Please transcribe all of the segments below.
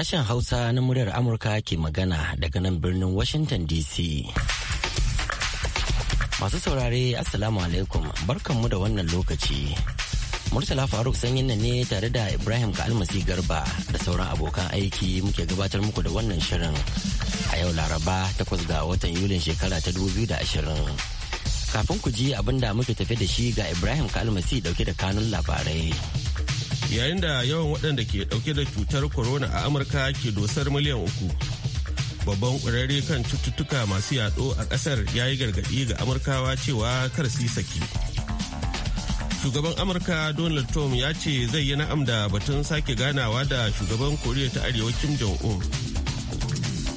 Sashen Hausa na muryar Amurka ke magana daga nan birnin Washington DC. Masu saurare Assalamu alaikum barkanmu da wannan lokaci. Murtala Faruk sanyin nan ne tare da Ibrahim Kalmasi Garba da sauran abokan aiki muke gabatar muku da wannan shirin a yau Laraba takwas ga watan Yulin shekara ta 2020. Kafin ku ji abin da muke tafi da shi ga Ibrahim Kalmasi dauke da kanun labarai. yayin da yawan waɗanda ke ɗauke da cutar corona a amurka ke dosar miliyan uku babban ƙwararre kan cututtuka masu yaɗo a ƙasar ya yi gargaɗi ga amurkawa cewa kar su saki shugaban amurka donald trump ya ce zai yi na'am da batun sake ganawa da shugaban koriya ta arewa kim jong-un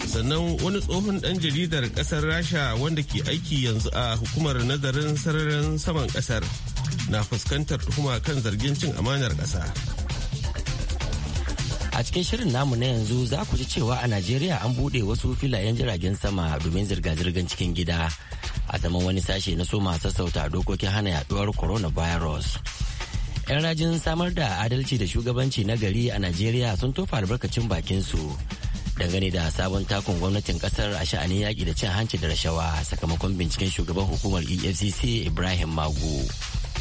sannan wani tsohon ɗan jaridar ƙasar rasha wanda ke aiki yanzu a hukumar nazarin sararin saman ƙasar na fuskantar tuhuma kan zargin cin amanar ƙasa. A cikin shirin namu na yanzu za ku ji cewa a Najeriya an buɗe wasu filayen jiragen sama domin zirga-zirgar cikin gida a zaman wani sashe na so masu sassauta dokokin hana yaduwar coronavirus. 'Yan rajin samar da adalci da shugabanci na gari a Najeriya sun tofa albarkacin bakin su dangane da sabon takun gwamnatin kasar a sha'anin yaƙi da cin hanci da rashawa sakamakon binciken shugaban hukumar EFCC Ibrahim Magu.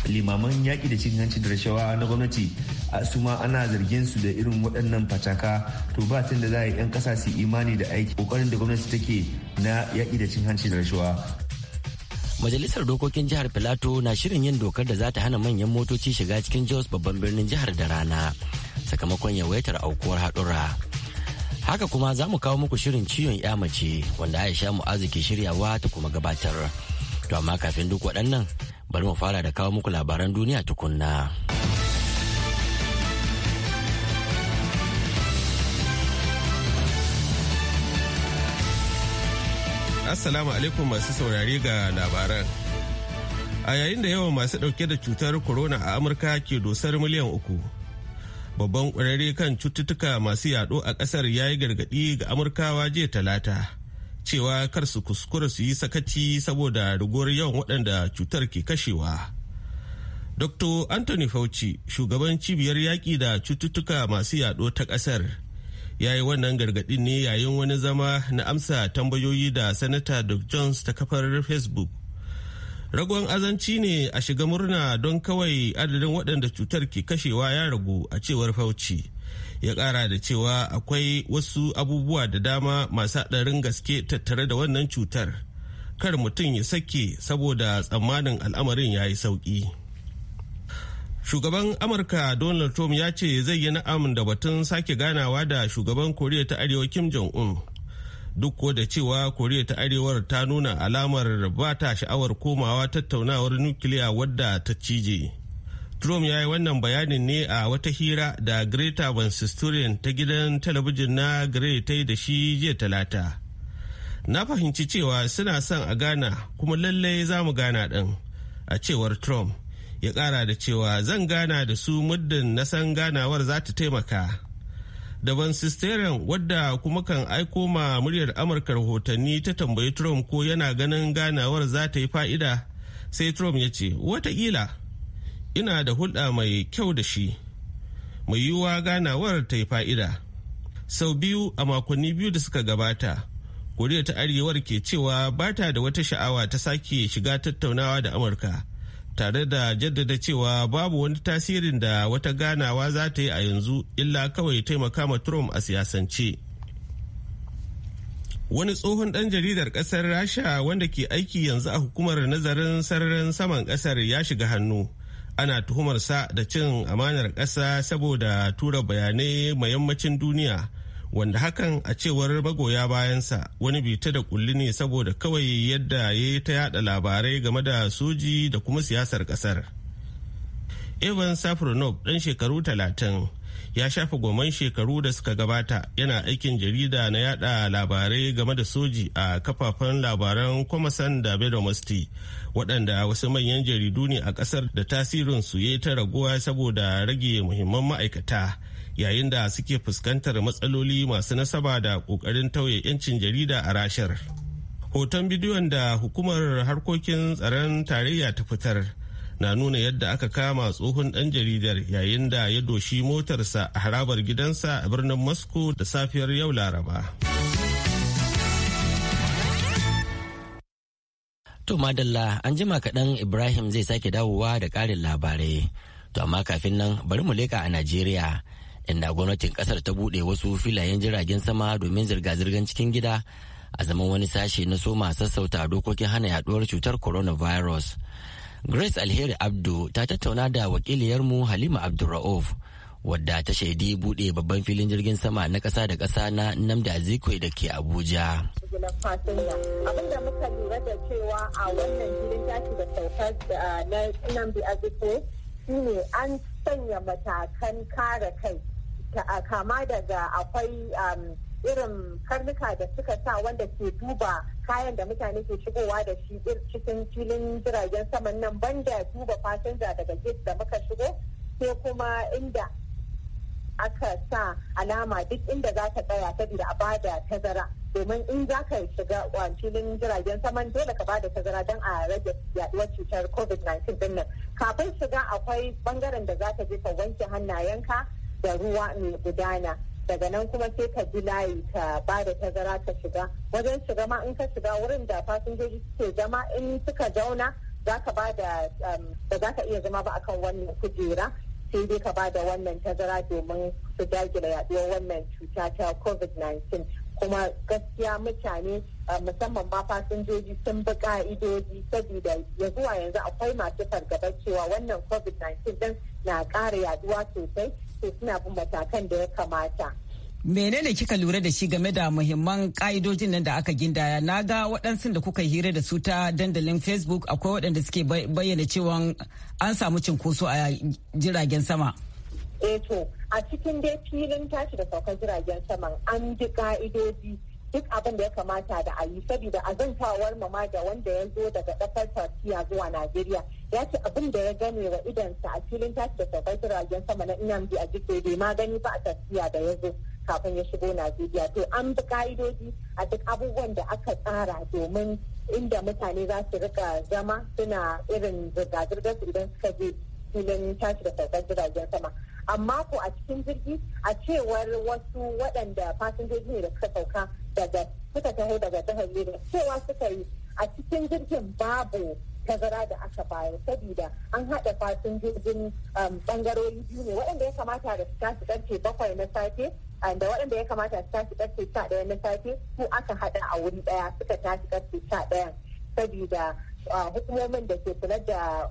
limaman yaƙi da cin hanci da rashawa na gwamnati su ma ana zargin su da irin waɗannan fataka to ba tun da za a yi 'yan ƙasa su imani da aiki ƙoƙarin da gwamnati take na yaƙi da cin hanci da rashawa Majalisar Dokokin Jihar Filato na shirin yin dokar da za ta hana manyan motoci shiga cikin Jos babban birnin jihar da rana sakamakon yawaitar aukuwar haɗura. Haka kuma za mu kawo muku shirin ciwon ya mace wanda Aisha Mu'azu ke shiryawa ta kuma gabatar. To amma kafin duk waɗannan bari mu fara da kawo muku labaran duniya tukunna. Assalamu alaikum masu saurare ga labaran. A yayin da yawan masu ɗauke da cutar corona a Amurka ke dosar miliyan uku. Babban ƙwararre kan cututtuka masu yaɗo a ƙasar ya yi gargaɗi ga Amurkawa jiya talata. cewa kar su kuskura su yi sakaci saboda rigowar yawan waɗanda cutar ke kashewa. Dr. Anthony Fauci, shugaban cibiyar yaƙi da cututtuka masu yaɗo ta ƙasar, ya yi wannan gargaɗin ne yayin wani zama na amsa tambayoyi da Sanata Doug Jones ta kafar Facebook. Ragon azanci ne a shiga murna don kawai adadin waɗanda cutar ke kashewa ya ragu a cewar Fauci. ya kara da cewa akwai wasu abubuwa da dama masu haɗarin gaske tattare da wannan cutar kar mutum ya sake saboda tsammanin al'amarin ya yi sauƙi shugaban amurka donald trump ya ce zai yi na'am da batun sake ganawa da shugaban koriya ta arewa kim jong-un duk ko da cewa koriya ta arewar ta nuna alamar ba ta sha'awar komawa tattaunawar nukiliya wadda ta cije Trump ya yi wannan bayanin ne a wata hira da Greta Van ta gidan talabijin na Greta da shi jiya talata. Na fahimci cewa suna son a gana kuma lallai za mu gana ɗin, a cewar Trump. Ya ƙara da cewa zan gana da su muddin na san ganawar za ta taimaka. Da Van wadda kuma kan aiko ma muryar Amurka rahotanni ta tambayi Trump ko yana ganin ganawar za ta yi fa'ida, sai Trump ya ce, wataƙila. ina da hulɗa mai kyau da shi mai yiwuwa ganawar ta yi fa'ida sau biyu a makonni biyu da suka gabata koriya ta arewar ke cewa ba ta da wata sha'awa ta sake shiga tattaunawa da amurka tare da jaddada cewa babu wani tasirin da wata ganawa za ta yi a yanzu illa kawai taimaka ma trump a siyasance wani tsohon ɗan jaridar ƙasar rasha wanda ke aiki yanzu a hukumar nazarin sararin saman ƙasar ya shiga hannu ana tuhumarsa da cin amanar ƙasa saboda tura bayanai ma yammacin duniya wanda hakan a cewar magoya bayansa wani bita da kulli ne saboda kawai yadda ya yi ta yada labarai game da soji da kuma siyasar ƙasar. Evan Safronov ɗan shekaru talatin ya shafe goman shekaru da suka gabata yana aikin jarida na yada labarai game da soji a kafafen labaran kwamasan da bedomosti waɗanda wasu manyan jaridu ne a ƙasar da tasirin su ya ta raguwa saboda rage muhimman ma'aikata yayin da suke fuskantar matsaloli masu nasaba da ƙoƙarin tauye 'yancin jarida a rashar hoton bidiyon da hukumar harkokin tsaron tarayya ta fitar na nuna yadda aka kama tsohon ɗan jaridar yayin da ya doshi motarsa a harabar gidansa a birnin moscow da safiyar yau laraba to madalla an jima kaɗan ibrahim zai sake dawowa da ƙarin labarai to amma kafin nan bari mu leka a najeriya inda gwamnatin ƙasar ta buɗe wasu filayen jiragen sama domin zirga zirgan cikin gida a zaman wani sashe na soma sassauta dokokin hana yaduwar cutar coronavirus. Grace Alheri Abdu ta tattauna da wakiliyarmu Halima Abdulra'uf wadda ta shaidi bude babban filin jirgin sama na kasa da kasa na Nnamdi Azikiwe da ke Abuja. Abinda muka lura da cewa a wannan filin tashi da saukar ah, na Nnamdi Azikiwe shine an sanya matakan kare kai ah, kama daga akwai um, irin karnuka da suka sa wanda ke duba kayan da mutane ke shigowa da shi cikin filin jiragen saman nan banda duba fasinja daga gate da muka shigo sai kuma inda aka sa alama duk inda za ta tsaya da a bada tazara domin in za ka shiga filin jiragen saman dole ka bada tazara don a rage yaduwar cutar covid-19 din nan kafin shiga akwai bangaren da za ka je ka wanke hannayenka da ruwa mai gudana daga nan kuma sai ka ji layi ka ba da tazara ka shiga wajen shiga ma in ka shiga wurin da fasinjoji suke zama in suka zauna za ka ba da um, ba za ka iya zama ba akan wannan kujera sai dai ka ba da wannan tazara domin su dagila yaɗuwar wannan cuta ta covid-19 kuma gaskiya mutane musamman ma fasinjoji sun bi ka'idoji saboda ya zuwa yanzu akwai masu fargaba cewa wannan covid-19 din na ƙara yaduwa sosai to suna bin matakan da ya kamata menene kika lura da shi game da muhimman ka'idojin nan da aka gindaya na ga waɗansu da kuka hira da su ta dandalin facebook akwai waɗanda suke bayyana cewa an samu cinkoso a jiragen sama Eto, eh a cikin dai filin tashi da saukar jiragen saman an ji ka'idodi duk abin da ya kamata da a yi saboda a zantawar mama da wanda ya zo daga ƙasar tafiya zuwa najeriya ya ce abin da ya gane wa idansa a filin tashi da saukar jiragen sama na inamdi a jike bai ma ba a tafiya da ya zo kafin ya shigo najeriya to an bi ka'idodi a duk abubuwan da aka tsara domin inda mutane za su rika zama suna irin zirga-zirgar idan suka je filin tashi da saukar jiragen sama amma ko a cikin jirgi a cewar wasu waɗanda fasinjoji ne da suka sauka daga suka taho daga jihar Lagos cewa suka yi a cikin jirgin babu tazara da aka bayar saboda an haɗa fasinjojin bangarori um, biyu ne waɗanda ya kamata da su tashi ƙarfe bakwai na safe da waɗanda ya kamata su tashi ƙarfe sha ɗaya na safe su aka haɗa a wuri ɗaya suka tashi ƙarfe sha ɗaya saboda uh, hukumomin da ke kula da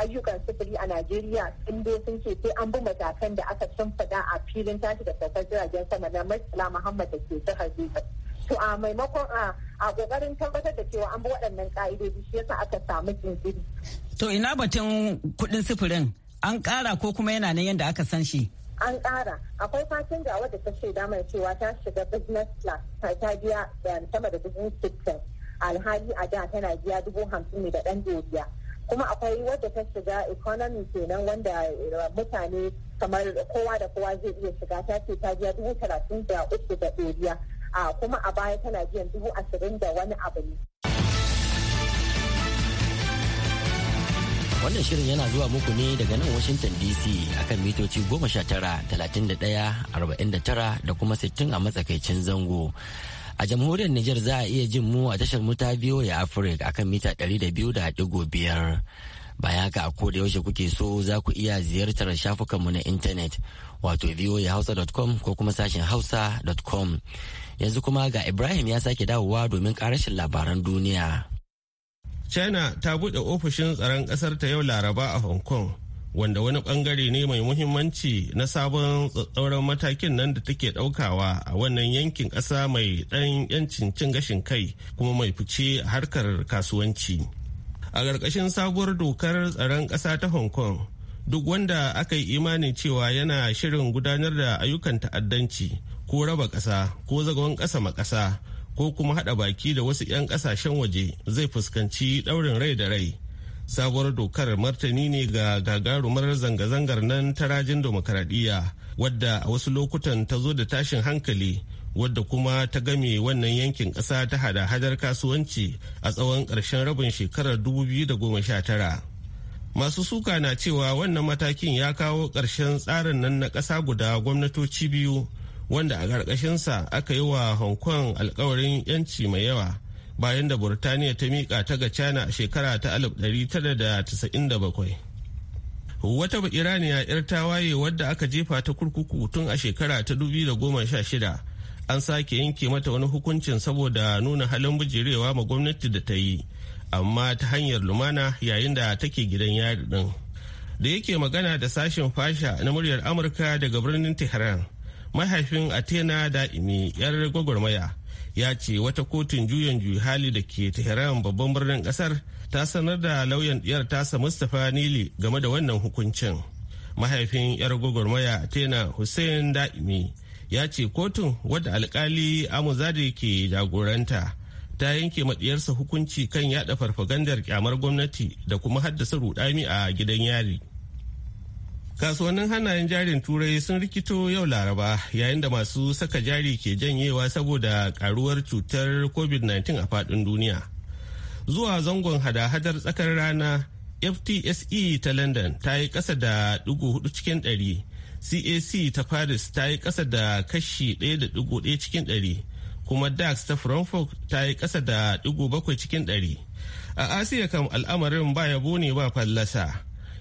ayyukan sufuri a Najeriya sun dai sun ce sai an bi matakan da aka fada a filin tashi da saukar jiragen sama na Murtala Muhammad da ke jihar To a maimakon a kokarin tabbatar da cewa an bi waɗannan ƙa'idodi shi yasa aka samu jinjiri. To ina batun kuɗin sufurin an ƙara ko kuma yana nan yadda aka san shi? An ƙara akwai fatan ga wadda ta ce damar cewa ta shiga business class ta biya da eh, sama da dubu sittin alhali a da tana biya dubu hamsin ne da ɗan dubiya. kuma akwai wadda ta shiga economy kenan wanda eh, mutane kamar kowa da kowa zai iya shiga ta ce ta biya dubu talatin da uku da ɗoriya kuma a baya tana biyan dubu ashirin da wani abu ne. Wannan shirin yana zuwa muku ne daga nan Washington DC akan mitoci goma 19, 31, 49 da kuma sittin a matsakaicin zango. a jamhuriyar Nijar za a iya jin mu a tashar mu ta ya a akan mita 200.5 baya haka a da yaushe kuke so za ku iya ziyartar shafukanmu na intanet wato voahausa.com ko kuma sashen hausa.com yanzu kuma ga Ibrahim ya sake dawowa domin karashin labaran duniya. China ta buɗe ofishin tsaron ƙasar ta yau Laraba a Hong Kong wanda wani bangare ne mai muhimmanci na sabon tsatsauran matakin nan da take daukawa a wannan yankin ƙasa mai ɗan yancin cin gashin kai kuma mai fice harkar kasuwanci a ƙarƙashin sabuwar dokar tsaron ƙasa ta hong kong duk wanda aka yi imanin cewa yana shirin gudanar da ayyukan ta'addanci ko raba ƙasa ko zagon ƙasa makasa ko kuma haɗa baki da wasu 'yan ƙasashen waje zai fuskanci ɗaurin rai da rai sabuwar dokar martani ne ga gagarumar zanga-zangar nan ta rajin demokaradiyya wadda a wasu lokutan ta zo da tashin hankali wadda kuma ta game wannan yankin ƙasa ta hada-hadar kasuwanci a tsawon ƙarshen rabin shekarar 2019 masu suka na cewa wannan matakin ya kawo ƙarshen tsarin nan na ƙasa guda gwamnatoci biyu wanda a ƙarƙashinsa aka yi wa hong kong alkawarin 'yanci mai yawa bayan da burtaniya ta miƙa ta ga china a shekara ta 1997 wata iraniya 'yar tawaye wadda aka jefa ta kurkuku tun a shekara ta 2016 an sake yanke mata wani hukuncin saboda nuna halin bijirewa ma gwamnati da ta yi amma ta hanyar lumana yayin da take gidan yari din da yake magana da sashen fasha na muryar amurka daga birnin tehran mahaifin atena da'imi 'yar gwagwarmaya ya ce wata kotun juyin juyi hali da ke tehran babban birnin kasar ta sanar da lauyan diyar tasa mustapha nili game da wannan hukuncin mahaifin yar gwagwarmaya tena hussein da'imi ya ce kotun wadda alkali amuzade ke jagoranta ta yanke maɗiyarsa hukunci kan yada farfagandar kyamar gwamnati da kuma haddasa rudami a gidan yari kasuwannin hannayen jarin turai sun rikito yau laraba yayin da masu saka jari ke janyewa saboda karuwar cutar covid-19 a faɗin duniya zuwa zangon hada-hadar tsakar rana ftse ta london ta yi kasa da hudu cikin 100 cac ta paris ta yi kasa da kashi ɗaya cikin 100 kuma dax ta frankfurt ta yi kasa da bakwai cikin 100 a asiya kam al'amarin ba yabo ne ba fallasa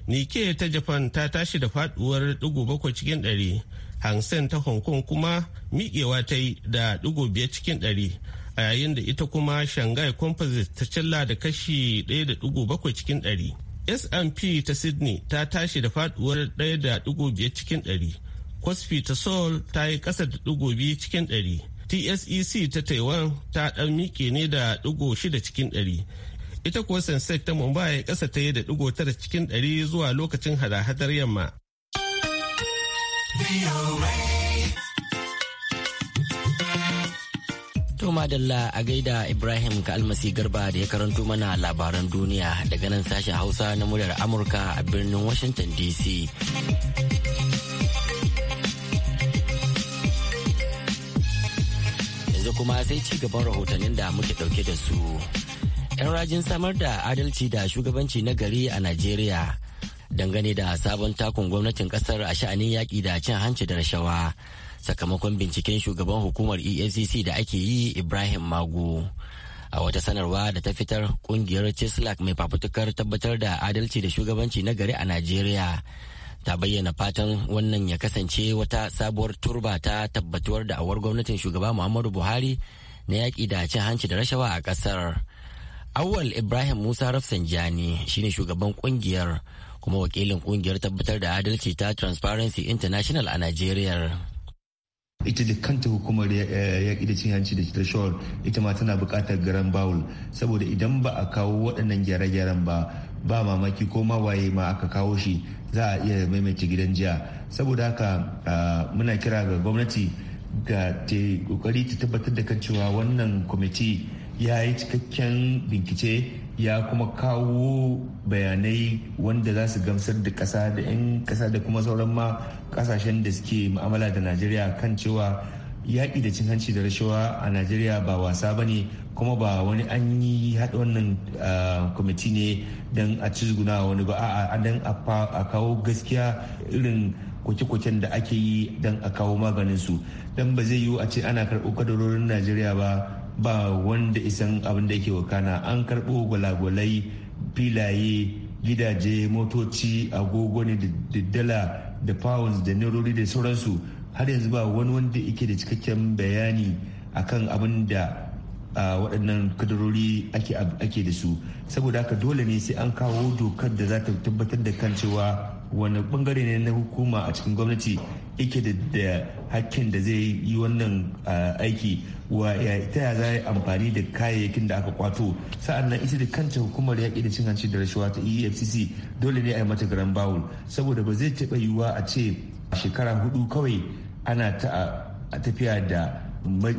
Nike ta Japan ta tashi da faduwar ɗigo bakwai cikin ɗari. Hang Seng ta Hong Kong kuma miƙewa ta yi da ɗigo biyar cikin ɗari. A yayin da ita kuma Shanghai Composite ta cilla da kashi ɗaya da ɗigo bakwai cikin ɗari. S&P ta Sydney ta tashi da faduwar ɗaya da ɗigo biyar cikin ɗari. Kospi ta Seoul ta yi ƙasa da ɗigo biyu cikin ɗari. TSEC ta Taiwan ta ɗan miƙe ne da ɗigo shida cikin ɗari. ita kuwa sensex ta mumbai kasa ta yi da digo tara cikin ɗari zuwa lokacin hada-hadar yamma To madalla a gaida Ibrahim ka almasi garba da ya karanto mana labaran duniya daga nan sashen Hausa na muryar Amurka a birnin Washington DC. Yanzu kuma sai ci gaban rahotannin da muke dauke da su. 'yan rajin samar da adalci da shugabanci na gari a Najeriya dangane da sabon takun gwamnatin kasar a sha'anin yaƙi da cin hanci da rashawa sakamakon binciken shugaban hukumar EFCC da ake yi Ibrahim Magu A wata sanarwa da ta fitar kungiyar CISLAC mai fafutukar tabbatar da adalci da shugabanci na gari a Najeriya. ta bayyana fatan wannan ya kasance wata sabuwar turba ta tabbatuwar da awar gwamnatin shugaba muhammadu buhari na yaƙi da cin hanci da rashawa a ƙasar Awal Ibrahim Musa Rafsanjani shine shugaban kungiyar kuma wakilin kungiyar tabbatar da adalci ta Transparency International a nigeria. ita da kanta hukumar eh, yaƙi da cin hanci da ta shawar ita ma tana buƙatar garan bawul saboda idan ba a kawo waɗannan gyare-gyaren ba ba mamaki ko ma waye ma aka kawo shi za a iya maimaita gidan jiya saboda haka ah, muna kira ga gwamnati ga ta ƙoƙari ta tabbatar da kan cewa wannan kwamiti ya yi cikakken bincike ya kuma kawo bayanai wanda za su gamsar da ƙasa da 'yan ƙasa da kuma sauran ma ƙasashen da suke mu'amala da najeriya kan cewa yaƙi da cin hanci da rashawa a najeriya ba wasa ba ne kuma ba wani an yi haɗa wannan kwamiti ne don a cizguna wani ba a don a kawo gaskiya irin kwake-kwaken da ake yi don a kawo maganinsu don ba zai yiwu a ce ana karɓo kadarorin najeriya ba ba wanda isan abin da yake wakana an karɓo gwalagwalai filaye gidaje motoci agogo ne da dala da pounds da nerori da sauransu har yanzu ba wani wanda yake da cikakken bayani akan abin da waɗannan kadarori ake da su saboda haka dole ne sai an kawo dokar da za ta tabbatar da kan cewa wani bangare ne na hukuma a cikin gwamnati yake da hakkin da zai yi wannan aiki wa ita ya za amfani da kayayyakin da aka kwato sa'an nan ita da kanta hukumar yaƙi da cin hanci da rashawa ta efcc dole ne a yi mata garan bawul saboda ba zai taɓa yiwuwa a ce shekara hudu kawai ana ta tafiya da mai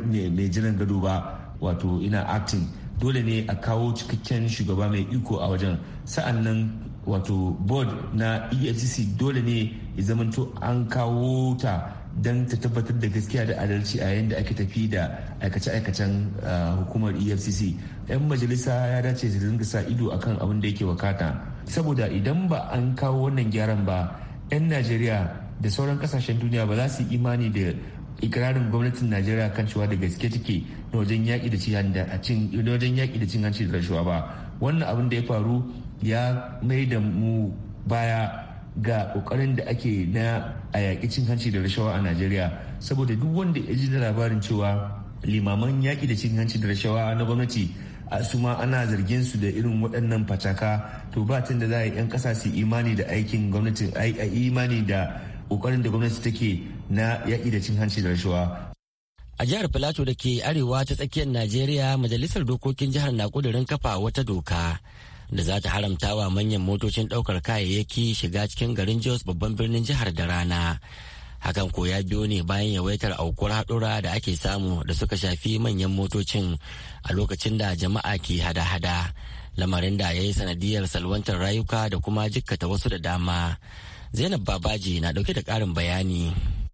jiran gado ba wato ina acting dole ne a kawo cikakken shugaba mai iko a wajen sa'an nan wato board na efcc dole ne ya zamanto an kawo ta don ta tabbatar da gaskiya da adalci a yayin da ake tafi da aikace-aikacen uh, hukumar efcc 'yan majalisa ya dace su dinga sa ido akan abin da yake wakata saboda idan ba an kawo wannan gyaran ba 'yan najeriya da sauran kasashen duniya ba za su yi imani da ikirarin gwamnatin najeriya kan cewa da gaske take na wajen yaƙi da cin hanci da rashuwa ba wannan abin da ya faru ya mai da mu baya ga kokarin da ake na a yaƙi cin hanci da rashawa a najeriya saboda duk wanda ya ji da labarin cewa limaman yaƙi da cin hanci da rashawa na gwamnati su ma ana zargin su da irin waɗannan facaka to ba tun da za a yi 'yan ƙasa su imani da aikin gwamnati a imani da kokarin da gwamnati take na yaƙi da cin hanci da rashawa a jihar filato da ke arewa ta tsakiyar najeriya majalisar dokokin jihar na ƙudurin kafa wata doka da za ta haramta wa manyan motocin ɗaukar kayayyaki shiga cikin garin Jos babban birnin jihar da rana. Hakan ko ya biyo ne bayan yawaitar aukuwar haɗura da ake samu da suka shafi manyan motocin a lokacin da jama'a ke hada-hada. Lamarin da ya yi sanadiyar salwantar rayuka da kuma jikkata wasu da dama. Zainab Babaji na ɗauke da ƙarin bayani.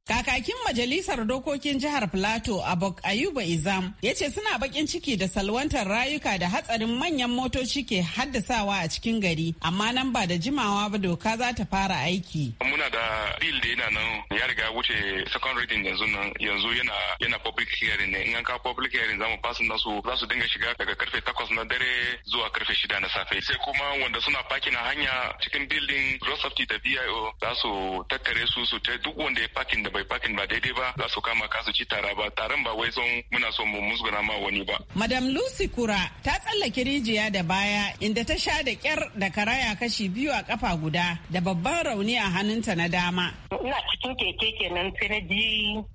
Kakakin Majalisar Dokokin Jihar Filato Abok Ayuba Izam ya ce suna bakin ciki da salwantar rayuka da hatsarin manyan motoci ke haddasawa a cikin gari, amma nan ba da jimawa ba doka za ta fara aiki. Muna da bill da yana nan ya riga wuce second reading yanzu nan yanzu yana yana public hearing ne in an kawo public hearing zamu basu nasu za su dinga shiga daga karfe takwas na dare zuwa karfe shida na safe. Sai kuma wanda suna parking a hanya cikin building Road Safety da BIO za su tattare su su ta duk wanda ya parking da bai fakin ba daidai ba za su kama kasu ci tara ba taron ba wai son muna son mu musguna ma wani ba. Madam Lucy Kura ta tsallake rijiya da baya inda ta sha da kyar da karaya kashi biyu a kafa guda da babban rauni a hannunta na dama. Ina cikin keke kenan sai na ji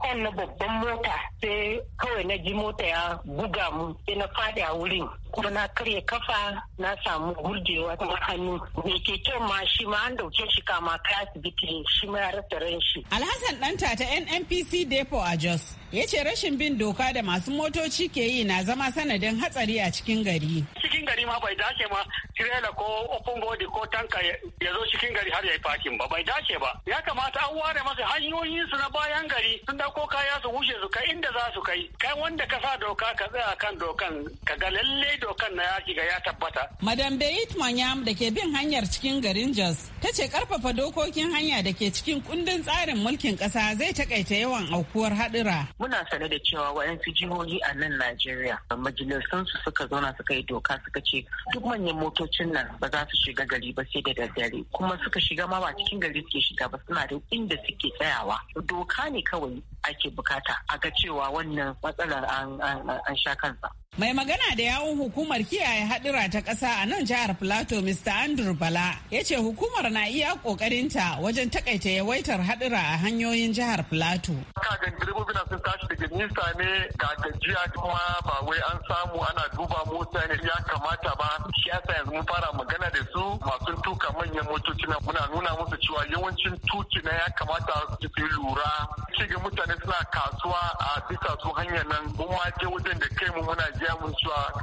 kon na babban mota sai kawai na ji mota ya buga mu sai na fadi a wurin kuma na karya kafa na samu gurjewa ta hannu mai keken ma shi ma an dauke shi kama kai asibiti shi ma ya rasa ran shi alhassan danta ta nnpc depot a jos ya ce rashin bin doka da masu motoci ke yi na zama sanadin hatsari a cikin gari. Cikin gari ma bai dace ma tirela ko open body ko tanka ya zo cikin gari har ya yi fakin ba bai dace ba. Ya kamata an ware masa hanyoyin su na bayan gari sun dauko kaya su wuce su kai inda za su kai. Kai wanda ka sa doka ka tsaya kan dokan ka ga lalle dokan na ya shiga ya tabbata. Madam beit Manyam da ke bin hanyar cikin garin Jos ta ce karfafa dokokin hanya da ke cikin kundin tsarin mulkin kasa zai takaita yawan aukuwar haɗura. muna sane da cewa waɗansu jihohi a nan Najeriya majalisun su suka zauna suka yi doka suka ce duk manyan motocin nan ba za su shiga gari ba sai da daddare kuma suka shiga ma ba cikin gari suke shiga ba suna da inda suke tsayawa doka ne kawai ake bukata a ga cewa wannan matsalar an sha kansa. Mai magana da yawun hukumar kiyaye hadura ta ƙasa a nan jihar Plateau Mr. Andrew Bala ya ce hukumar na iya ƙoƙarinta wajen takaita yawaitar hadura a hanyoyin jihar Plateau. Kagan na sun tashi daga nisa ne ga gajiya kuma ba wai an samu ana duba mota ne ya kamata ba shi yasa yanzu mun fara magana da su masu tuka manyan motoci na muna nuna musu cewa yawancin tuki na ya kamata su fi lura. Shiga mutane suna kasuwa a bisa su hanyar nan mun ma je wajen da kai mu muna gaya mun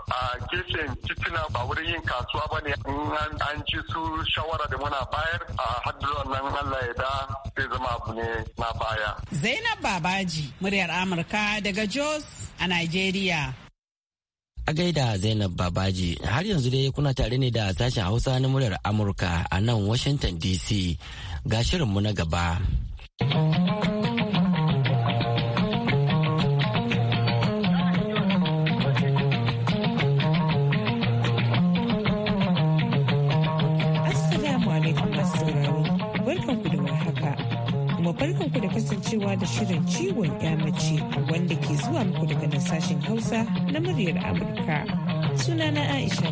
a gefen titina ba wurin yin kasuwa ba ne an ji su shawara da muna bayar a haddura nan Allah ya da zai zama abu ne na baya. Zainab Babaji, muryar Amurka daga Jos a Nigeria. A gaida Zainab Babaji har yanzu dai kuna tare ne da sashen Hausa na muryar Amurka a nan Washington DC ga shirinmu na gaba. kuma ku da kasancewa da shirin ciwon mace wanda ke zuwa muku daga nan sashen Hausa na muryar Amurka. Sunana Aisha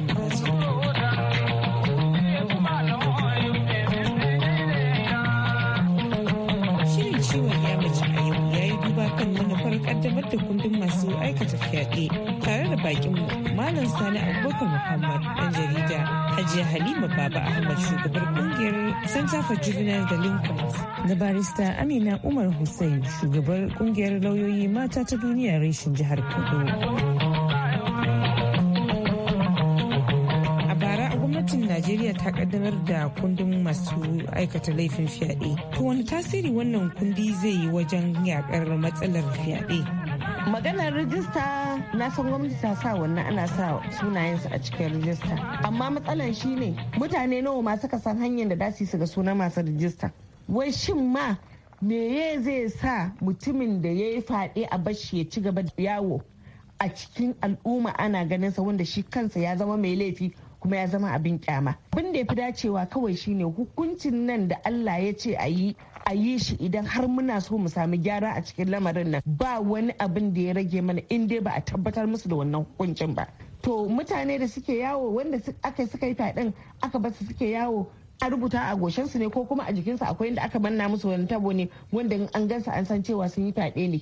shirin ciwon ya mace a gabatar manufar kaddamar da kundin masu aikata fyaɗe tare da mu. malam sani abubakar muhammad dan jarida hajiya halima baba ahmad shugabar kungiyar center for juvenile delinquents da barista amina umar hussein shugabar kungiyar lauyoyi mata ta duniya reshen jihar kano ta kaddamar da kundin masu aikata laifin fyaɗe to wani tasiri wannan kundi zai yi wajen yakar matsalar fyaɗe maganar rijista na san gwamnati ta sa wannan ana sa sunayensu a cikin rijista amma matsalan ne mutane nawa masu kasan hanyar da su ga sunan masu rijista wai shin ma meye zai sa mutumin da ya yi fade a bashi ya ci gaba da yawo a cikin al'umma ana ganin sa wanda shi kansa ya zama mai laifi kuma ya zama abin kyama abin da ya fi dacewa kawai shine hukuncin nan da Allah ya ce a yi a yi shi idan har muna so mu sami gyara a cikin lamarin nan ba wani abin da ya rage mana in dai ba a tabbatar musu da wannan hukuncin ba to mutane da suke yawo wanda aka suka yi fadin aka basu suke yawo a rubuta a goshinsu ne ko kuma a jikinsu akwai inda aka manna musu wani tabo ne wanda in an gansu an san cewa sun yi fyaɗe ne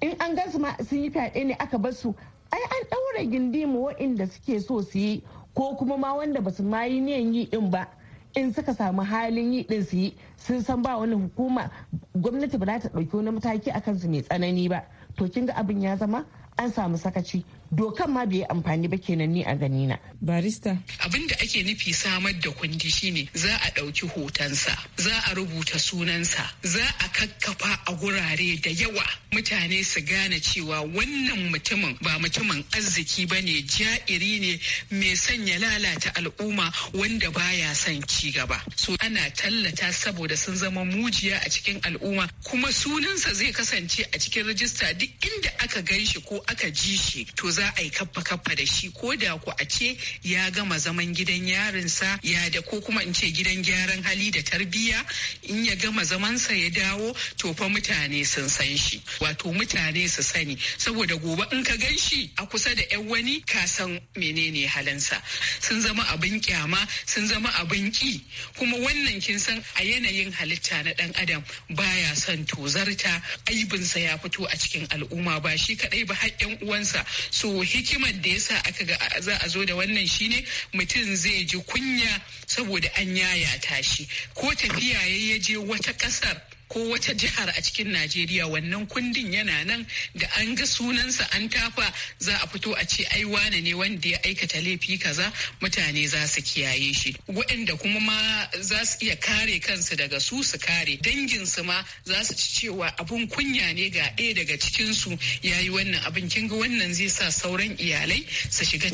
in an gansu ma sun yi fyaɗe ne aka basu ai an ɗaure gindi mu waɗanda suke so su yi ko kuma ma wanda basu ma yi niyan yi din ba in suka samu halin yi din su yi sun san ba wani hukuma gwamnati ba za ta ɗauki wani mataki akan su mai tsanani ba to kin ga abin ya zama an samu sakaci dokan ma bai amfani ba kenan ni a gani na. Barista. Abin da ake nufi samar da kundi shine za a ɗauki hotonsa, za a rubuta sunansa, za a kakkafa a gurare da yawa mutane su gane cewa wannan mutumin ba mutumin arziki ba ne ja'iri ne mai sanya lalata al'umma wanda baya son ci gaba. So ana tallata saboda sun zama mujiya a cikin al'umma kuma sunansa zai kasance a cikin rajista duk inda aka gan shi ko aka ji shi to za a yi kaffa kaffa da shi ko da ku a ce ya gama zaman gidan yarinsa ya da ko kuma in ce gidan gyaran hali da tarbiyya in ya gama zamansa ya dawo to fa mutane sun san shi wato mutane su sani saboda gobe in ka gan shi a kusa da yan wani ka san menene halinsa sun zama abin kyama sun zama abin ki kuma wannan kin san a yanayin halitta na dan adam baya son tozarta aibinsa ya fito a cikin al'umma ba shi kadai ba har yan uwansa so hikimar da yasa aka ga za a zo da wannan shine mutum zai ji kunya saboda an yaya tashi ko tafiya ya je wata kasar ko wata jihar a cikin Najeriya wannan kundin yana nan da an ga sunansa an tafa za a fito a ce ai wane ne wanda ya aikata laifi kaza mutane za su kiyaye shi waɗanda kuma ma za su iya kare kansu daga su su kare danginsu ma za su ci cewa abun kunya ne ga ɗaya daga cikinsu ya yi wannan abin kin ga wannan zai sa sauran iyalai su shiga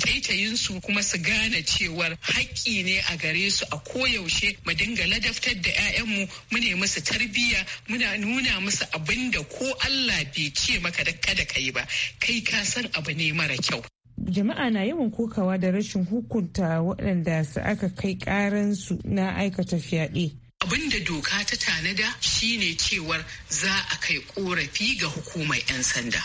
su kuma su gane cewar haƙƙi ne a gare su a koyaushe mu dinga ladaftar da 'ya'yanmu mu ne su tarbiyya muna nuna musu abin da ko Allah bai ce maka da kada ka yi ba kai ka san abu ne mara kyau jama'a na yawan kokawa da rashin hukunta waɗanda su aka kai ƙaransu na aikata fyaɗe abin da doka ta tanada shine cewar za a kai ƙorafi ga hukumar 'yan sanda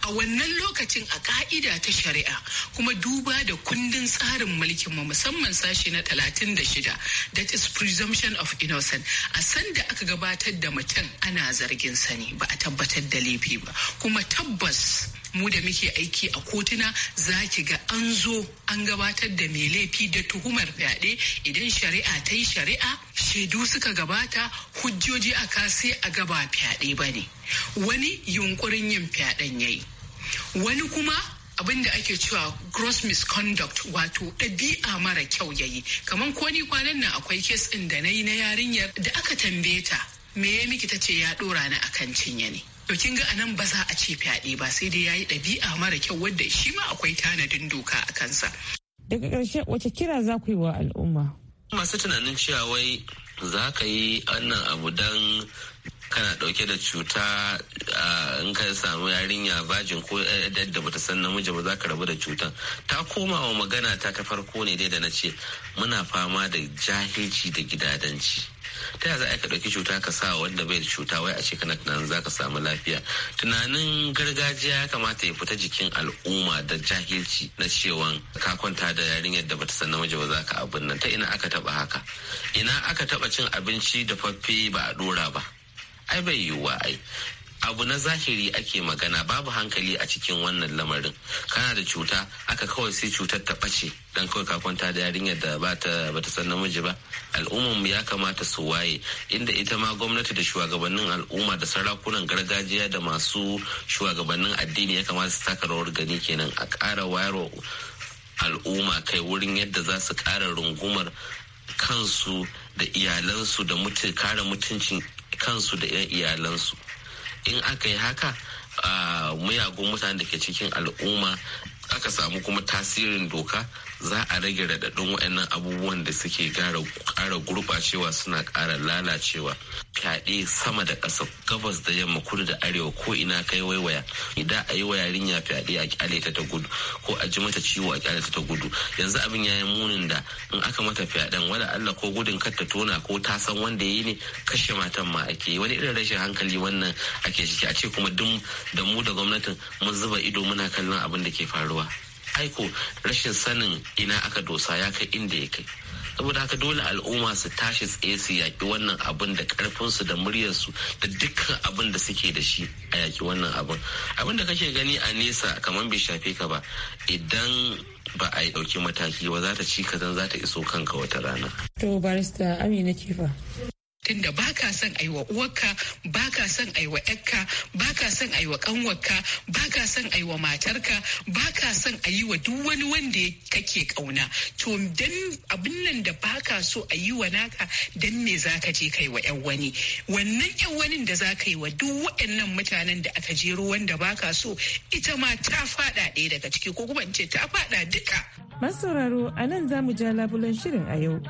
a wannan lokacin a ka'ida ta shari'a kuma duba da kundin tsarin mulkin mu musamman sashi na 36 that is presumption of innocent a sanda aka gabatar da mutum ana zargin sani ba a tabbatar da laifi ba kuma tabbas mu da muke aiki a kotuna za ki ga an zo an gabatar da mai laifi da tuhumar fyaɗe idan shari'a ta yi shari'a shaidu suka gabata hujjoji aka sai a gaba fyaɗe ba ne. wani yunkurin yin fyaɗen yayi wani kuma abin da ake cewa gross misconduct wato ɗabi'a mara kyau yayi kamar ko ni kwanan nan akwai kes ɗin da na yi na yarinyar da aka tambaye ta me ya miki ta ce ya ɗora ni akan cinye ne to kin ga anan ba za a ce fyaɗe ba sai dai yayi ɗabi'a mara kyau wadda shi ma akwai tanadin doka a kansa daga ƙarshe wace kira za ku yi wa al'umma masu tunanin cewa wai za ka yi annan abu don kana dauke da cuta in ka samu yarinya bajin ko da bata san namiji ba za ka rabu da cutan ta koma wa magana ta ta farko ne dai da na ce muna fama da jahilci da gidadanci ta yaya za a ɗauki cuta ka sa wanda bai da cuta wai a ce kana tunanin za ka samu lafiya tunanin gargajiya ya kamata ya fita jikin al'umma da jahilci na cewa ka kwanta da yarinyar da bata san namiji ba za ka abin nan ta ina aka taba haka ina aka taba cin abinci da faffe ba a dora ba ai bai yiwuwa ai abu na zahiri ake magana babu hankali a cikin wannan lamarin kana da cuta aka kawai sai cutar ta ɓace dan kawai ka kwanta da yarinyar da ba bata san namiji ba al'umman ya kamata su waye inda ita ma gwamnati da shugabannin al'umma da sarakunan gargajiya da masu shugabannin addini ya kamata su taka rawar gani kenan a ƙara wayarwa al'umma kai wurin yadda za su ƙara rungumar kansu da iyalansu da kare mutuncin kansu da 'yan iyalansu in aka yi haka muyagun mutane da ke cikin al'umma aka samu kuma tasirin doka za a rage raɗaɗin waɗannan abubuwan da suke ƙara gurɓacewa suna ƙara lalacewa fyaɗe sama da ƙasa gabas da yamma kudu da arewa ko ina kai waiwaya idan a yi wa yarinya fyaɗe a ƙyale ta ta gudu ko a ji mata ciwo a ƙyale ta ta gudu yanzu abin ya yi munin da in aka mata fyaɗen wala Allah ko gudun kar ta tona ko ta san wanda ya yi ne kashe matan ma ake yi wani irin rashin hankali wannan ake ciki a ce kuma duk da mu da gwamnatin mun zuba ido muna kallon abin da ke faruwa. aiko rashin sanin ina aka dosa ya kai inda ya kai saboda haka dole al'umma su tashi tsaye su yaƙi wannan abin da ƙarfinsu da muryarsu da dukkan abin da suke da shi a yaƙi wannan abin abin da kake gani a nesa kamar bai shafe ka ba idan ba a yi ɗauki mataki ba za ta ci ka zan za ta iso kanka wata rana. to barista amina kifa. tunda ba ka son aiwa uwarka ba ka son aiwa yakka ba ka son aiwa kanwarka ba ka son aiwa matarka ba ka son a yi wa duk wani wanda kake kauna to dan abin nan da ba ka so a yi wa naka dan me za ka je kai wa yan wani wannan yan wani da za ka yi wa duk waɗannan mutanen da aka je ruwan da ba ka so ita ma ta fada ɗaya daga ciki ko kuma in ce ta fada duka. masauraro a nan za mu ja labulen shirin a yau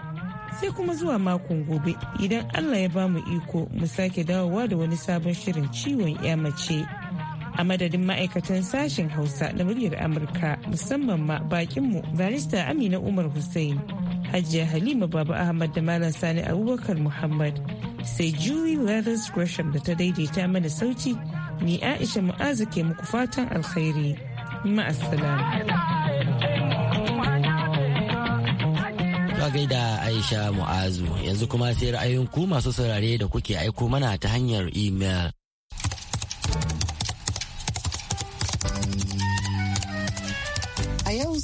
sai kuma zuwa makon gobe idan Allah ya ba mu iko mu sake dawowa da wani sabon shirin ciwon ya mace. A madadin ma'aikatan sashen Hausa da muryar Amurka musamman ma bakinmu barista Amina Umar Hussein, Hajiya Halima Baba Ahmad da Malam Sani Abubakar Muhammad, sai Julie Leathers Gresham da ta daidaita mana sauti, ni Aisha Mu'azu ke muku fatan alkhairi. ma'asala. a gaida Aisha Mu'azu yanzu kuma sai ra'ayinku masu saurare da kuke aiko mana ta hanyar imel.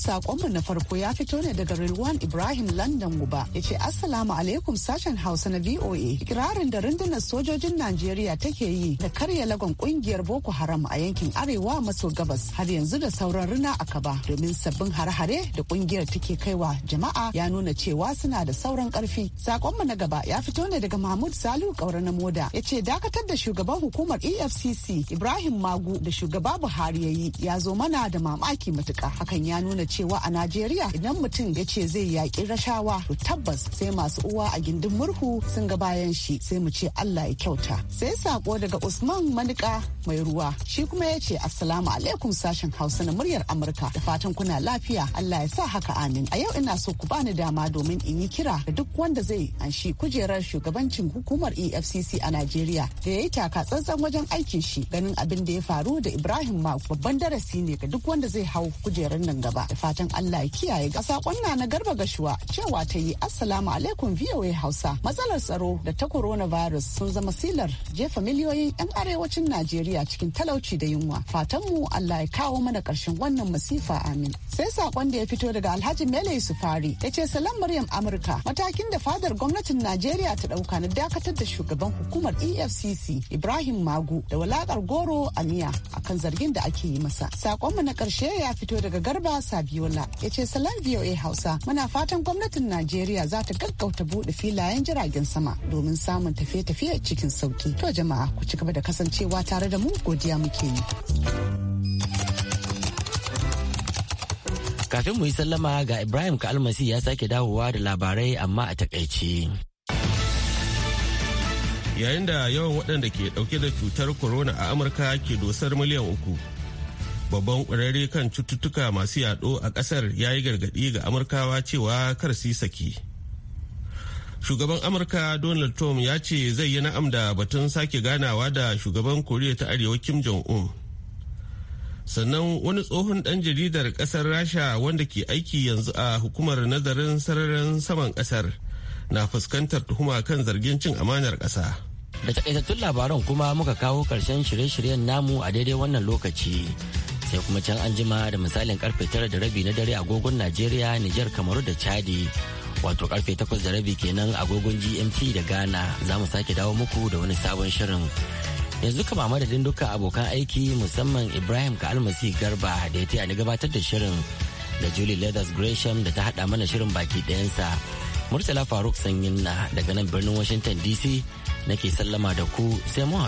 mu na farko ya fito ne daga Rilwan Ibrahim London Guba ya ce Assalamu alaikum sashen Hausa na VOA. Kirarin da rundunar sojojin Najeriya take yi da karya lagon kungiyar Boko Haram a yankin Arewa maso gabas har yanzu da sauran rina a kaba domin sabbin hare-hare da kungiyar take kaiwa jama'a ya nuna cewa suna da sauran karfi. mu na gaba ya fito ne daga Mahmud Salu Kaura na Moda ya ce dakatar da shugaban hukumar EFCC Ibrahim Magu da shugaba Buhari ya yi ya zo mana da mamaki matuka hakan ya nuna cewa a Najeriya idan mutum ya ce zai yaƙi rashawa to tabbas sai masu uwa a gindin murhu sun ga bayan shi sai mu ce Allah ya kyauta. Sai sako daga Usman Manika mai ruwa shi kuma ya ce Assalamu alaikum sashen Hausa na muryar Amurka da fatan kuna lafiya Allah ya sa haka amin. A yau ina so ku bani dama domin in yi kira ga duk wanda zai anshi kujerar shugabancin hukumar EFCC a Najeriya da ya yi taka tsantsan wajen aikin shi ganin abin da ya faru da Ibrahim Mako babban darasi ne ga duk wanda zai hau kujerar nan gaba. fatan Allah ya kiyaye ga saƙon na garba gashuwa cewa ta yi assalamu alaikum VOA Hausa matsalar tsaro da ta coronavirus sun zama silar jefa miliyoyin 'yan arewacin Najeriya cikin talauci da yunwa fatanmu Allah ya kawo mana ƙarshen wannan masifa amin sai sakon da ya fito daga Alhaji Mele sufari ya ce salam Maryam Amurka matakin da fadar gwamnatin Najeriya ta ɗauka na dakatar da shugaban hukumar EFCC Ibrahim Magu da walakar Goro a miya akan zargin da ake yi masa mu na ƙarshe ya fito daga Garba Sadi Abiola ya ce salam VOA Hausa muna fatan gwamnatin Najeriya za ta gaggauta buɗe filayen jiragen sama domin samun tafiye-tafiye cikin sauki. To jama'a ku ci gaba da kasancewa tare da mu godiya muke yi. Kafin mu yi sallama ga Ibrahim Kalmasi ya sake dawowa da labarai amma a takaice. Yayin da yawan waɗanda ke ɗauke da cutar corona a Amurka ke dosar miliyan uku. babban ƙwararre kan cututtuka masu yado a kasar ya yi gargadi ga amurkawa cewa kar su saki shugaban amurka donald trump ya ce zai yi na'am da batun sake ganawa da shugaban koriya ta arewa kim jong-un sannan wani tsohon dan jaridar kasar rasha wanda ke aiki yanzu a hukumar nazarin sararin saman kasar na fuskantar tuhuma kan zargin cin amanar kasa. da takaitattun labaran kuma muka kawo karshen shirye-shiryen namu a daidai wannan lokaci sai kuma can an jima da misalin karfe tara da rabi na dare agogon Najeriya, Nijar, Kamaru da Chadi. Wato karfe takwas da rabi kenan agogon GMT da Ghana za mu sake dawo muku da wani sabon shirin. Yanzu kama madadin duka abokan aiki musamman Ibrahim ka almasi garba da ya taya ni gabatar da shirin da Julie Leathers Gresham da ta hada mana shirin baki ɗayansa. Murtala Faruk Sanyin na daga nan birnin Washington DC nake sallama da ku sai mu